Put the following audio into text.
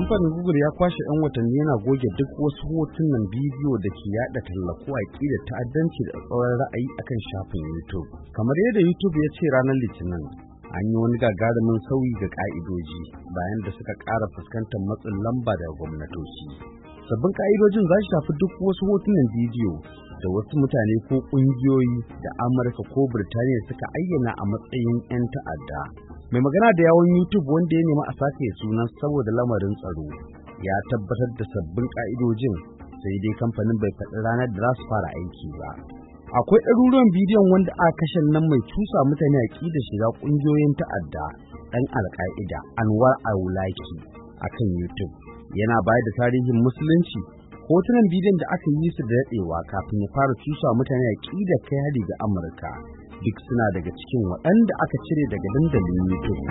Kamfanin Google ya kwashe 'yan watanni yana goge duk wasu hotunan bidiyo da ke yada tallako a da ta'addanci da tsawon ra'ayi akan shafin YouTube. Kamar yadda YouTube ya ce ranar Litinin, an yi wani gagarumin sauyi ga ka'idoji bayan da suka ƙara fuskantar matsin lamba daga gwamnatoci. sabbin ka'idojin za su shafi duk wasu hotunan bidiyo da wasu mutane ko ƙungiyoyi da amurka ko birtaniya suka ayyana a matsayin 'yan ta'adda mai magana da yawon youtube wanda ya nemi a sake sunan saboda lamarin tsaro ya tabbatar da sabbin ka'idojin sai dai kamfanin bai faɗi ranar da za su fara aiki ba akwai ɗaruruwan bidiyon wanda a kashen nan mai cusa mutane a da shiga ƙungiyoyin ta'adda ɗan alƙa'ida anwar a kan youtube yana bayar da tarihin musulunci hotunan bidiyon da aka yi su da daɗewa kafin ya fara cusa mutane a ƙida kai hari ga amurka duk suna daga cikin waɗanda aka cire daga dandalin youtube